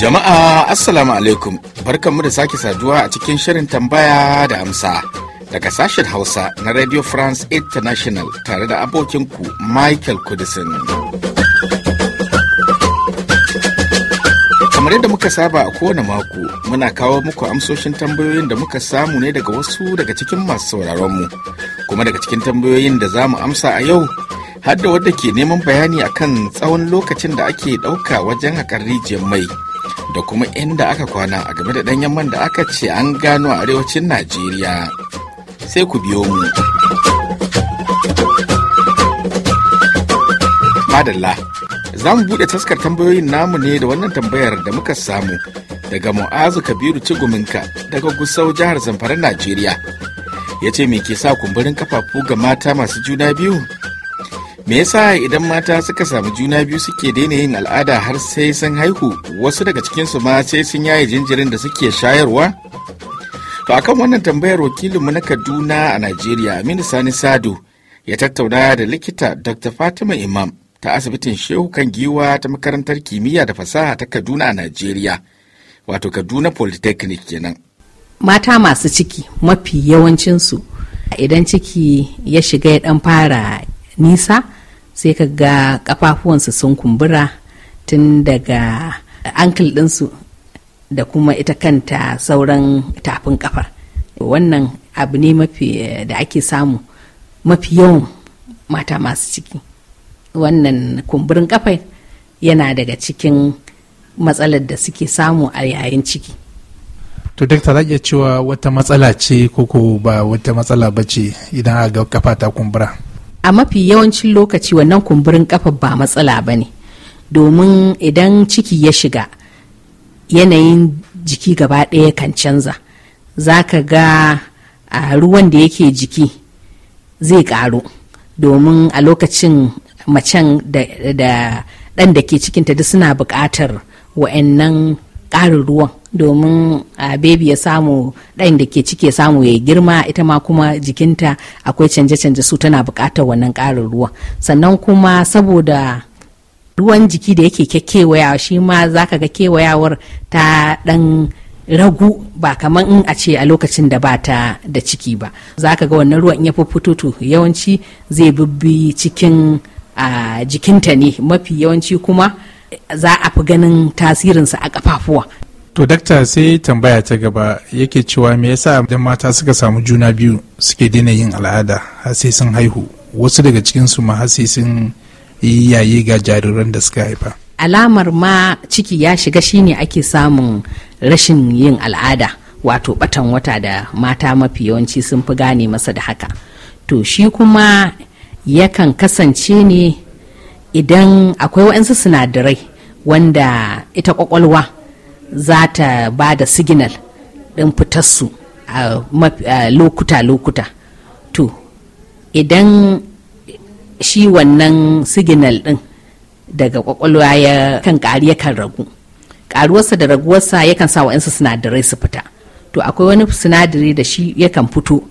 Jama'a Assalamu alaikum barkanmu da sake saduwa a cikin shirin tambaya da amsa daga sashen Hausa na Radio France International tare da abokinku Michael Kudisin. kamar yadda muka saba a kowane mako muna kawo muku amsoshin tambayoyin da muka samu ne daga wasu daga cikin masu sauraron mu kuma daga cikin tambayoyin da za mu amsa a yau har da wadda ke neman bayani akan tsawon lokacin da ake ɗauka wajen haƙar rijiyar mai da kuma inda aka kwana a game da ɗanyen man da aka ce an gano a arewacin najeriya sai ku biyo mu madalla za mu buɗe taskar tambayoyin namu ne da wannan tambayar da muka samu daga mu'azu kabiru ciguminka daga gusau jihar zamfara najeriya ya ce me ke sa kumburin kafafu ga mata masu juna biyu me yasa idan mata suka samu juna biyu suke daina yin al'ada har sai sun haihu wasu daga cikinsu ma sai sun yaye jinjirin da suke shayarwa to akan wannan tambayar wakilinmu na kaduna a najeriya aminu sani sado ya tattauna da likita dr fatima imam ta asibitin Shehu kan giwa ta makarantar kimiyya da fasaha ta Kaduna a Najeriya, wato Kaduna Polytechnic kenan. Mata masu ciki mafi yawancinsu idan ciki ya shiga ya ɗan fara nisa sai ka ga kafafuwansu sun kumbura tun daga ankle ɗinsu da kuma ita kanta sauran tafin kafar. Wannan abu ne mafi eh, da ake samu mafi yawan mata masu ciki. wannan kumburin kafai yana daga cikin matsalar da suke samu a yayin ciki to duk ta iya cewa wata matsala ce koko ba wata matsala ba ce idan a ga kafa ta kumbura a mafi yawancin lokaci wannan kumburin kafa ba matsala ba ne domin idan ciki ya shiga yanayin jiki gaba ɗaya kan canza za ka ga a ruwan da yake jiki zai ƙaru domin a lokacin macen da ɗan da ke cikinta duk suna buƙatar wa'annan ƙarin ruwan domin a bebi ya samu ɗan da ke cike samu ya girma ita ma kuma jikinta akwai canje-canje su tana buƙatar wannan ƙarin ruwan sannan kuma saboda ruwan jiki da yake kekewaya shi ma za ka ga kewayawar ta ɗan ragu ba kamar in a ce a lokacin da ba ta da ciki ba za ka ga wannan ruwan ya fi fito yawanci zai bibbi cikin a jikinta ne mafi yawanci kuma za a fi ganin tasirinsa a kafafuwa to dakta sai tambaya ta gaba yake cewa me yasa idan mata suka samu juna biyu suke daina yin al'ada har sai sun haihu wasu daga cikinsu ma har sai sun yi yaye ga jariran da suka haifa alamar ma ciki ya shiga shine ake samun rashin yin al'ada wato batan wata da mata mafi yawanci sun fi gane masa da haka to shi kuma yakan kasance ne idan akwai waɗansu sinadarai wanda ita kwakwalwa za ta ba da signal ɗin fitarsu a lokuta-lokuta to idan shi wannan signal ɗin daga kwakwalwa ya kan ƙari yakan ragu ƙaruwarsa da raguwarsa yakan sa waɗansu sinadarai su fita to akwai wani sinadari da shi yakan fito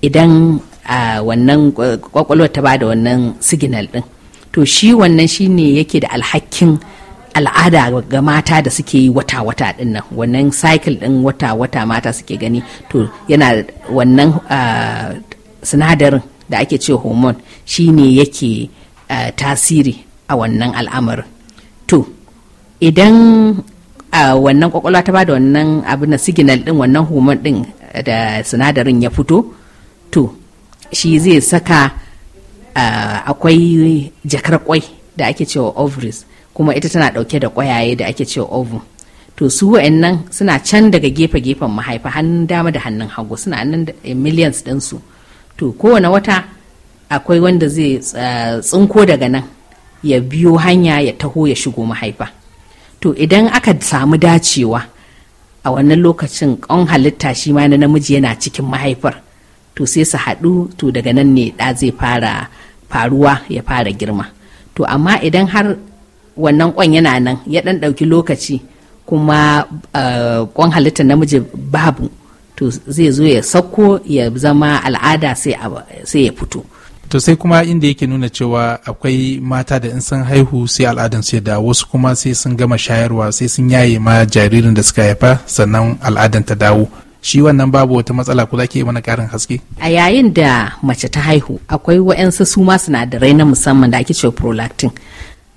idan a wannan kwakwalwar ta bada wannan signal din to shi wannan shi ne yake da alhakin al'ada ga mata da suke yi wata-wata din nan wannan cycle din wata-wata mata suke gani to yana wannan sinadarin da ake ce hormone shi ne yake tasiri a wannan al'amarin to idan a uh, wannan kwakwalwa ta bada wannan abin signal din wannan hormone din da sinadarin ya fito to shi zai saka akwai jakar kwai da ake cewa ovaries kuma ita tana dauke da kwayaye da ake cewa ovum to su wa'annan suna can daga gefe-gefen mahaifa hannun dama da hannun hagu suna nan eh, millions ɗinsu to kowane wata akwai wanda zai tsinko daga nan ya biyo hanya ya taho ya shigo mahaifa to idan aka samu dacewa a wannan lokacin ƙon halitta shi ma na namiji yana cikin mahaifar to sai su haɗu to daga nan ne ɗa zai fara faruwa ya fara girma to amma idan har wannan ƙwan yana nan ya ɗan ɗauki lokaci kuma eh, ƙwan halitta namiji babu to zai zo ya sauko ya zama al'ada sai ya fito to sai kuma inda yake nuna cewa akwai mata da in sun haihu sai al'adan su da wasu kuma sai sun gama shayarwa sai sun yaye ma jaririn da suka haifa sannan al'adan ta dawo shi wannan babu wata matsala ko zaki mana karin haske a yayin da mace ta haihu akwai wa'yansu su ma sinadarai na musamman da ake cewa prolactin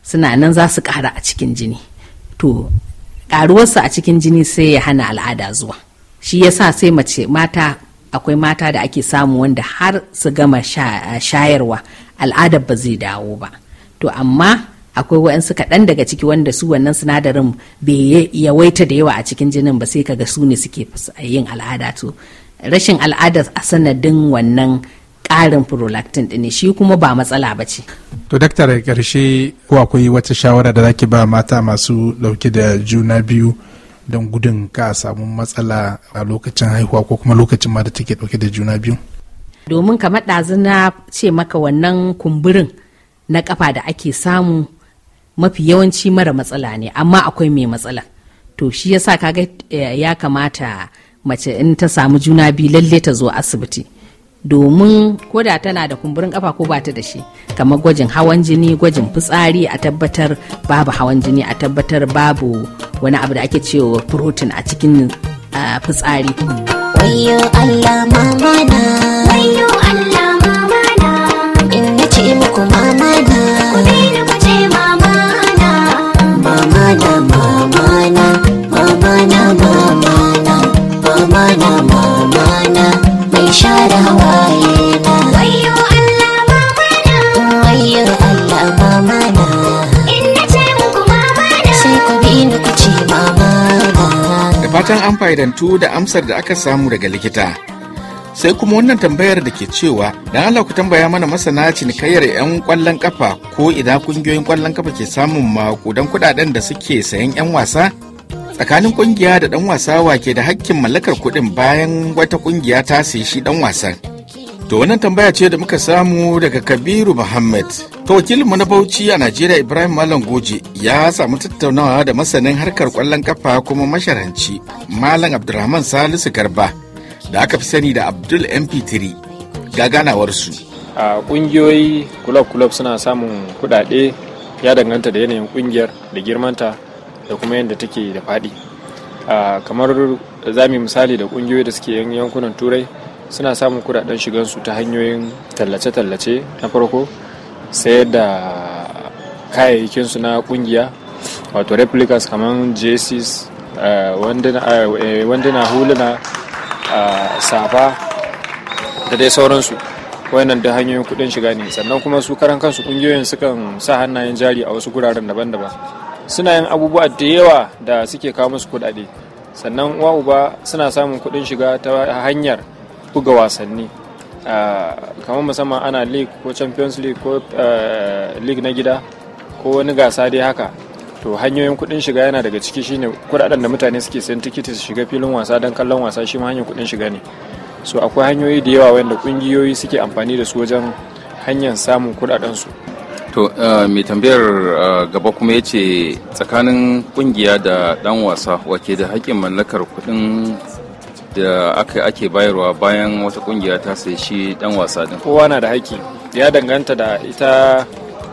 suna nan za su kara a cikin jini to karuwarsu a cikin jini sai ya hana al'ada zuwa shi yasa sai mace mata akwai mata da ake samu wanda har su gama shayarwa al'ada ba zai dawo ba to amma akwai waɗansu kaɗan daga ciki wanda su wannan sinadarin bai yawaita da yawa a cikin jinin ba sai kaga su ne suke yin al'ada to rashin al'ada a sanadin wannan ƙarin prolactin ɗin shi kuma ba matsala ba ce. to daktar ƙarshe ko akwai wata shawara da zaki ba mata masu ɗauke da juna biyu don gudun ka samu matsala a lokacin haihuwa ko kuma lokacin ma da take ɗauke da juna biyu. domin kamar ɗazu na ce maka wannan kumburin na ƙafa da ake samu mafi yawanci mara matsala ne amma akwai mai matsala to shi yasa kaga eh, ya kamata mace in ta samu juna biyu lalle ta zo asibiti domin koda tana da kumburin kafa ko bata da shi kamar gwajin hawan jini gwajin fitsari a tabbatar babu hawan jini a tabbatar babu wani abu da ake cewa protein a cikin fitsari Allah mama Allah mama na ce muku mama mama na mama mai fatan an fa'idantu da amsar da aka samu daga likita sai kuma wannan tambayar da ke cewa dan Allah ku tambaya mana masana cinikayyar 'yan kwallon kafa ko idan kungiyoyin kwallon kafa ke samun makudan kudaden da suke sayan 'yan wasa tsakanin kungiya da dan wasa wake da hakkin mallakar kudin bayan wata kungiya ta sayi shi dan wasan to wannan tambaya ce da muka samu daga kabiru muhammad to mu na bauchi a najeriya ibrahim malam goje ya samu tattaunawa da masanin harkar kwallon kafa kuma masharanci malam abdulrahman salisu garba da aka fi sani da Abdul MP3 ga ganawarsu. A ƙungiyoyi kulob-kulob suna samun kudade ya danganta da yanayin ƙungiyar da girmanta da kuma yadda take da faɗi. Kamar zami misali da kungiyoyi da suke yankunan turai suna samun kuɗaɗen shigansu ta hanyoyin tallace-tallace na farko sayar da kayayyakinsu na ƙungiya wato replicas kamar eh, wanda eh, wanduna huluna safa da dai sauransu wannan da hanyoyin kuɗin shiga ne sannan kuma su karan kansu kungiyoyin sukan sa hannayen jari a wasu guraren daban-daban suna yin abubuwa da yawa da suke kawo musu kudade sannan uwa uba suna samun kuɗin shiga ta hanyar buga wasanni kamar musamman ana league ko champions league ko eh, league na gida ko wani gasa dai haka to hanyoyin kudin shiga yana daga ciki shine kudaden da mutane suke sayan tikiti su shiga filin wasa don kallon wasa shi ma hanyar kudin shiga ne so akwai hanyoyi da yawa wanda kungiyoyi suke amfani da su wajen hanyar samun kudaden su to eh, mai tambayar eh, gaba kuma yace tsakanin ƙungiya da ɗan wasa wake da hakkin mallakar kuɗin da aka ake bayarwa bayan wata ƙungiya ta sai shi ɗan wasa din kowa na da haƙƙi ya danganta da ita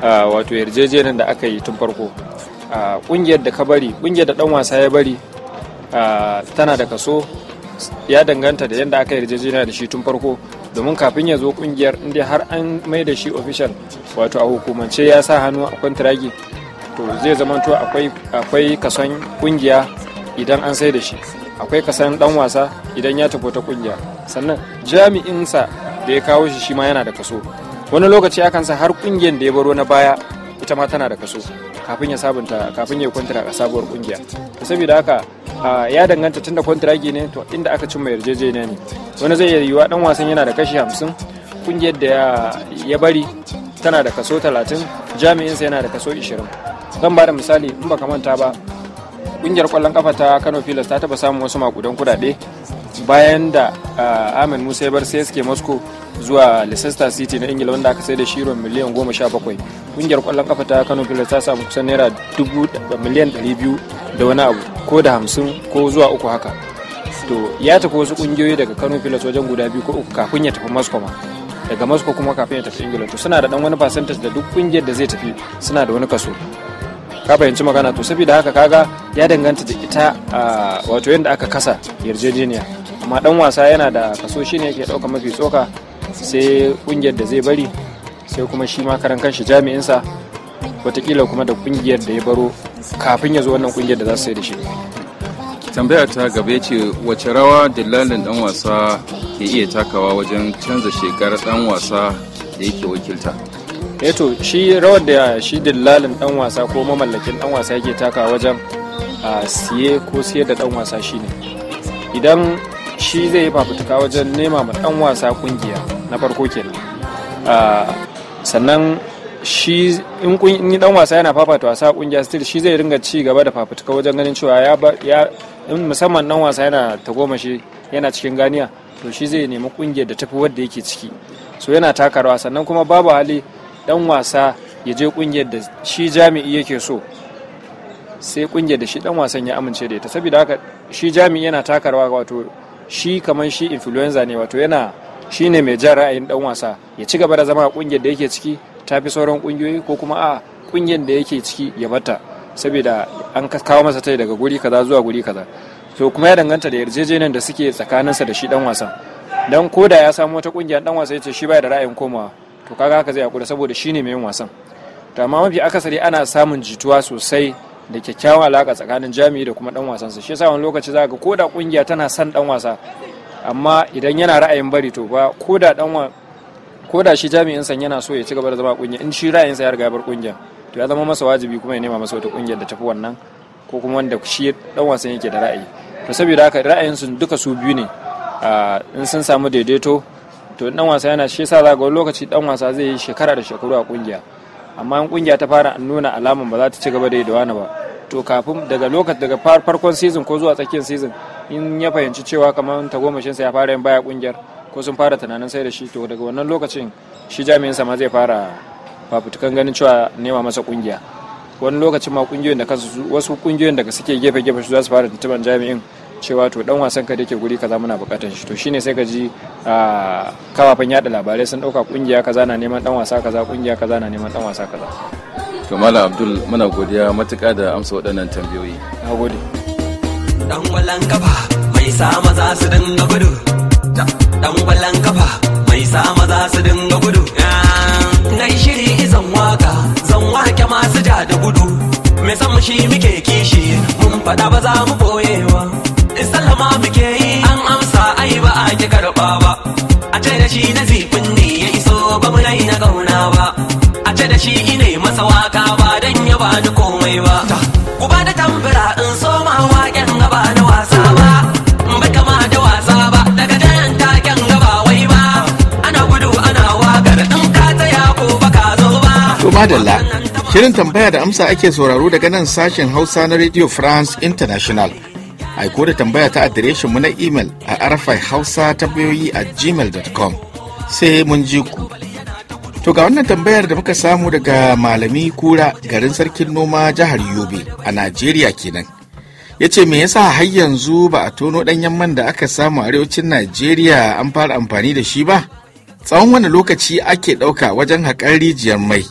eh, wato yarjejeniyar da aka yi tun farko kungiyar da ka bari kungiyar da dan wasa ya bari tana da kaso ya danganta da yadda aka yarjejeniya da shi tun farko domin kafin ya zo kungiyar inda har an mai da shi official wato a hukumance ya sa hannu a kwantiragi to zai zamanto akwai kason kungiya idan an sai da shi akwai kason dan wasa idan ya tafi ta kungiya sannan jami'insa da ya kawo shi shi ma yana da kaso wani lokaci akan sa har kungiyar da ya baro na baya ita ma tana da kaso kafin ya sabunta kafin ya yi kwantira a sabuwar kungiya to saboda haka ya danganta tunda kwantaragi ne to inda aka cimma yarjejeniya ne wani zai iya yiwuwa dan wasan yana da kashi hamsin kungiyar da ya bari tana da kaso talatin jami'insa yana da kaso ishirin zan ba da misali in baka manta ba kungiyar kwallon kafa ta kano filas ta taba samun wasu makudan kudade bayan da amin musa ya bar sai suke moscow zuwa Leicester City na Ingila wanda aka sai da shiro miliyan goma sha bakwai. Kungiyar kwallon kafa ta Kano Pilas ta samu kusan naira dubu miliyan 200 da wani abu ko da hamsin ko zuwa uku haka. To ya tafi wasu kungiyoyi daga Kano Pilas wajen guda biyu ko uku kafin ya tafi Moscow ma. Daga Moscow kuma kafin ya tafi Ingila to suna da dan wani percentage da duk kungiyar da zai tafi suna da wani kaso. ka fahimci magana to saboda haka kaga ya danganta da ita wato yadda aka kasa yarjejeniya amma dan wasa yana da kaso shine yake dauka mafi tsoka sai kungiyar da zai bari sai kuma shi ma karan kanshi jami'insa watakila kuma da kungiyar da ya baro kafin ya zo wannan kungiyar da za su sai da shi tambaya ta gaba ce wace rawa dillalin dan wasa ke iya takawa wajen canza shekarar dan wasa da yake wakilta eto eh shi rawar da shi dillalin dan wasa ko mamallakin dan wasa yake takawa wajen a siye ko siyar da dan wasa shine idan shi zai yi fafutuka wajen nema ma dan wasa kungiya na farko kenan ah, sannan shi in dan wasa yana fafata wasa kungiya still shi zai ringa ci gaba da fafutuka wajen ganin cewa ya musamman dan wasa yana ta goma shi yana cikin ganiya to shi zai nemi kungiyar da tafi wadda yake ciki so yana taka rawa sannan kuma babu hali dan wasa ya je kungiyar da shi jami'i yake so sai kungiyar da shi dan wasan ya amince da ita saboda haka shi jami'i yana taka rawa wato shi kamar shi influenza ne wato yana shine mai jan ra'ayin dan wasa ya ci gaba da zama a kungiyar da yake ciki ta fi sauran kungiyoyi ko kuma a kungiyar da yake ciki ya bata saboda an kawo masa tai daga guri kaza zuwa guri kaza to kuma ya danganta da yarjejeniyar da suke tsakaninsa da shi dan wasan dan koda ya samu wata kungiyar dan wasa yace shi baya da ra'ayin komawa to kaga haka zai hakura saboda shine mai yin wasan to amma mafi akasari ana samun jituwa sosai da kyakkyawan alaka tsakanin jami'i da kuma dan wasansa shi yasa wani lokaci zaka ga koda kungiya tana son dan wasa amma idan yana ra'ayin bari to ba ko da dan ko da shi jami'in san yana so ya ci gaba da zama kungiya in shi sa ya riga ya bar kungiya to ya zama masa wajibi kuma ya nema masa wata kungiyar da tafi wannan ko kuma wanda shi dan wasan yake da ra'ayi to saboda haka ra'ayin su duka su biyu ne in sun samu daidaito to dan wasa yana shi yasa za ga lokaci dan wasa zai yi shekara da shekaru a kungiya amma in kungiya ta fara nuna alaman ba za ta ci gaba da yi da wani ba to kafin daga lokacin daga farkon season ko zuwa tsakiyar season in ya fahimci cewa kamar sa ya fara yin baya kungiyar ko sun fara tunanin sai da shi to daga wannan lokacin shi jami'in sa ma zai fara fafutukan ganin cewa nema masa kungiya wani lokacin ma kungiyoyin da kansu wasu kungiyoyin daga suke gefe gefe su za su fara tuntuban jami'in cewa to dan wasan ka dake guri kaza muna bukatan shi to shine sai ka ji kafafen yada labarai sun dauka kungiya kaza na neman dan wasa kaza kungiya kaza na neman dan wasa kaza to malam abdul muna godiya matuka da amsa waɗannan tambayoyi nagode dan walan kafa mai sa maza su dinga gudu dan walan kafa mai sa maza su dinga gudu na shiri izan waka zan wake masu ja da gudu mai san shi muke kishi mun faɗa ba za mu boyewa sallama muke yi an amsa ai ba a ki karɓa ba a ce da shi na zifin ne ya iso ba mu na ƙauna ba a ce da shi ine masa waka ba dan ya bani ni komai ba madalla shirin tambaya da amsa ake sauraro daga nan sashen hausa na radio france international aiko da tambaya ta adireshin mu na imal a arafai hausa tabayoyi a gmail.com sai mun ji ku to ga wannan tambayar da muka samu daga malami kura garin sarkin noma jihar yobe a najeriya kenan ya ce me yasa har yanzu ba a tono ɗanyen man da aka samu arewacin najeriya an fara amfani da shi ba tsawon wani lokaci ake ɗauka wajen haƙar rijiyar mai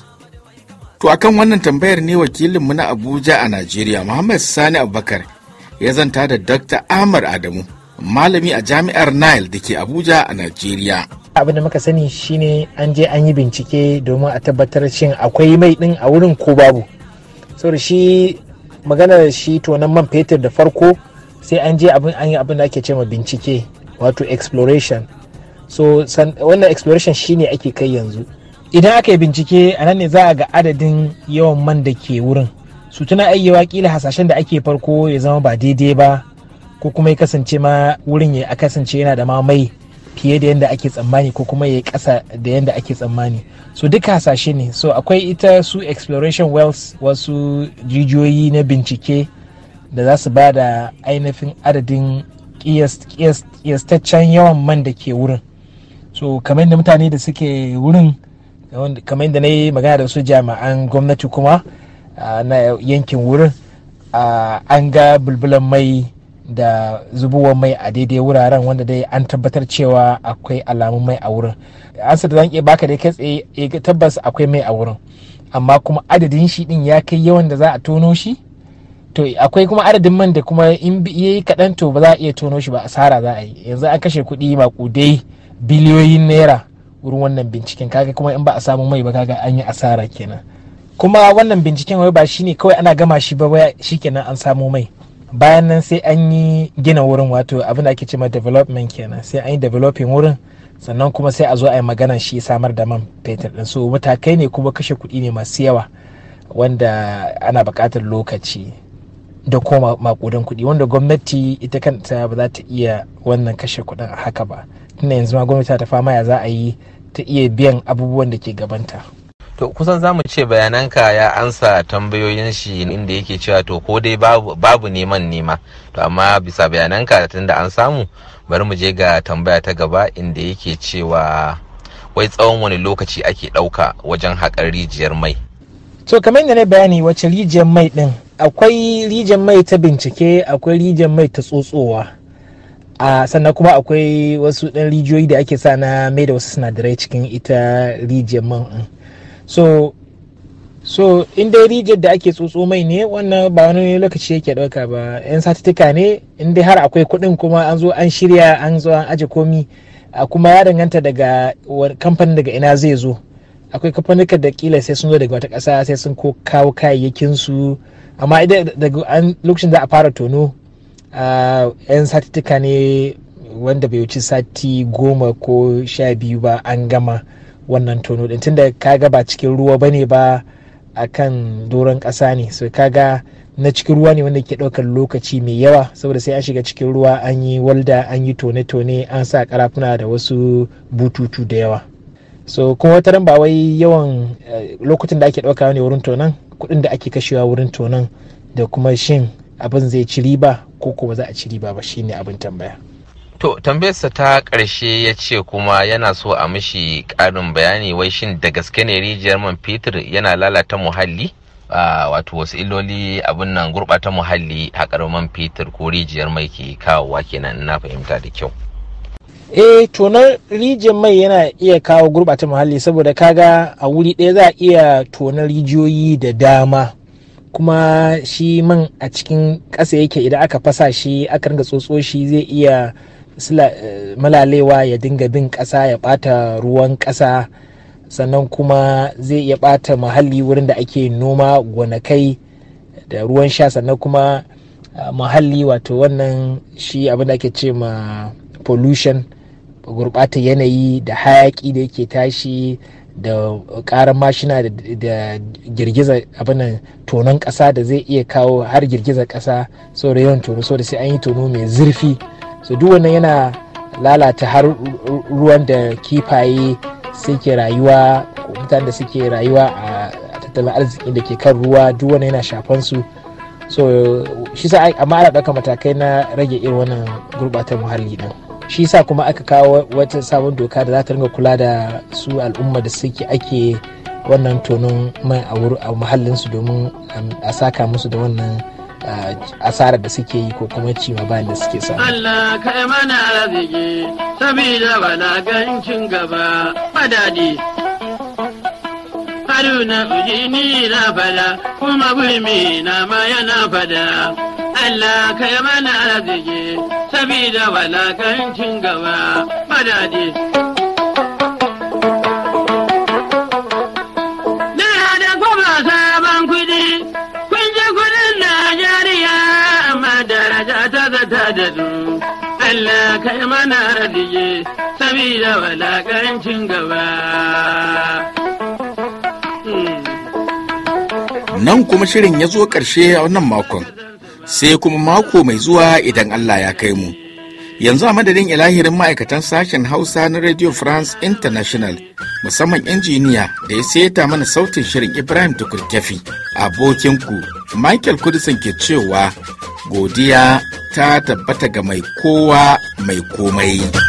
To akan wannan tambayar ne wakilinmu na Abuja a Najeriya Muhammad Sani Abubakar ya zanta da Dr. Ahmad Adamu malami a jami'ar Nile da ke Abuja a Najeriya. Abin da muka sani shine an je an yi bincike domin a tabbatar shin akwai mai din a wurin ko babu. Saboda shi magana da shi tonan man fetur da farko sai an je abin an yi abin da ake cewa bincike wato exploration. So wannan exploration shine ake kai yanzu. idan aka yi bincike a nan ne za a ga adadin yawan man da ke wurin su tuna ayyawa kila hasashen da ake farko ya zama ba daidai ba ko kuma ya kasance ma wurin ya kasance yana da ma mai fiye da yadda ake tsammani ko kuma ya kasa da yadda ake tsammani so duka hasashe ne so akwai ita su exploration wells wasu jijiyoyi na bincike da za su ba da ainihin adadin kiyastaccen yawan man da ke wurin so kamar da mutane da suke wurin kamar yadda na yi magana da su jami'an gwamnati kuma na yankin wurin an ga bulbulan mai da zubuwan mai a daidai wuraren wanda dai an tabbatar cewa akwai alamun mai a wurin ansa da zan iya baka dai kai tsaye eh, tabbas akwai mai a wurin amma kuma adadin shi din ya kai yawan da za a tono shi to akwai kuma adadin man da kuma in ya yi kaɗan to ba za a iya tono shi ba asara za a yi yanzu an kashe kuɗi maƙudai biliyoyin naira wurin wannan binciken kaga kuma in ba a samu mai ba kaga an yi asara kenan kuma wannan binciken wai ba shine kawai ana gama shi ba kenan an samu mai bayan nan sai an yi gina wurin wato abin da ake cewa development kenan sai an yi developing wurin sannan kuma sai a zo a yi magana shi samar da man fetur din so matakai ne kuma kashe kuɗi ne masu yawa wanda ana buƙatar lokaci da kuma makudan kuɗi wanda gwamnati ita kanta ba za ta iya wannan kashe kuɗin haka ba tunda yanzu ma gwamnati ta fama ya za a yi ta iya biyan abubuwan da ke gabanta to kusan zamu ce bayananka ya ansa tambayoyin shi inda yake cewa to ko dai babu, neman nema to amma bisa bayananka da an samu bari mu je ga tambaya ta gaba inda yake cewa wai tsawon wani lokaci ake ɗauka wajen haƙar rijiyar mai to kamar yadda na bayani wace rijiyar mai ɗin akwai rijiyar mai ta bincike akwai rijiyar mai ta tsotsowa a sannan kuma akwai wasu ɗan rijiyoyi da ake sa na mai da wasu sinadarai cikin ita rijiyar man so so in dai rijiyar da ake tsotso mai ne wannan ba wani lokaci yake ɗauka ba yan satuttuka ne in dai har akwai kuɗin kuma an zo an shirya an zo an aje komi kuma ya danganta daga kamfanin daga ina zai zo akwai kamfanin da kila sai sun zo daga wata ƙasa sai sun ko kawo kayayyakin su amma idan daga lokacin da a fara tono Ah, 'yan satuttuka ne wanda bai wuci sati goma ko sha biyu ba an gama wannan tono din tunda kaga ba cikin ruwa ba ne ba a kan doron ƙasa ne so kaga na cikin ruwa ne wanda ke ɗaukar lokaci mai yawa saboda sai an shiga cikin ruwa an yi walda an yi tone-tone an sa karafuna da wasu bututu da yawa so kuma wata ran ba wai yawan lokacin eh, lokutan da ake ɗauka ne wurin tonon kuɗin da ake kashewa wurin tonon da kuma shin abin zai ci riba ko kuma za a ci riba ba shine abin tambaya to tambayarsa ta karshe ya ce kuma yana so a mishi ƙarin bayani wai shin da gaske ne rijiyar man fetur yana lalata muhalli a wato wasu illoli abin nan gurɓata muhalli haƙar man fetur ko rijiyar mai ke kawowa kenan na fahimta da kyau eh to rijiyar mai yana iya kawo gurɓata muhalli saboda kaga a wuri ɗaya za a iya tonar rijiyoyi da dama kuma shi man a cikin ƙasa yake idan aka fasa shi aka ringa tsotso shi zai iya eh, malalewa ya dinga bin ƙasa ya ɓata ruwan ƙasa sannan kuma zai iya ɓata muhalli wurin da ake noma gonakai da ruwan sha sannan kuma eh, muhalli wato wannan shi abin da ake ce ma pollution gurɓata yanayi da hayaƙi da yake tashi da karan mashina da girgiza abinan tonon kasa da zai iya kawo har girgiza ƙasa da yawan tono da sai an yi tono mai zurfi so duk wannan yana lalata har ruwan da kifaye suke rayuwa mutane da suke rayuwa a tattalin arziki da ke kan ruwa duk wannan yana shafan su so shi sa amma ana ɗauka matakai na rage irin wannan gurɓatar muhalli din. shi sa kuma aka kawo wata sabon doka da za ta ringa kula da su al'umma da suke ake wannan tonon mai a su domin um, a saka musu da wannan uh, asarar da suke yi ko kuma ci ma bayan da suke samu. Allah kai mana arziki saboda gancin gaba madadi. Haruna ujini na fada kuma gulmi na ma yana fada. Allah ka yi mana arziki sabida walakancin gaba madadi. Allah ka yi mana arziki sabida walakancin gaba. Hmm. Nan kuma shirin ya zo ƙarshe a wannan makon. sai kuma mako mai zuwa idan Allah ya kai mu. Yanzu a madadin ilahirin ma'aikatan sashen Hausa na Radio France International musamman injiniya da ya seta mana sautin shirin Ibrahim Tukurkefi ku, Michael Kudisan ke cewa godiya ta tabbata ga mai kowa mai komai.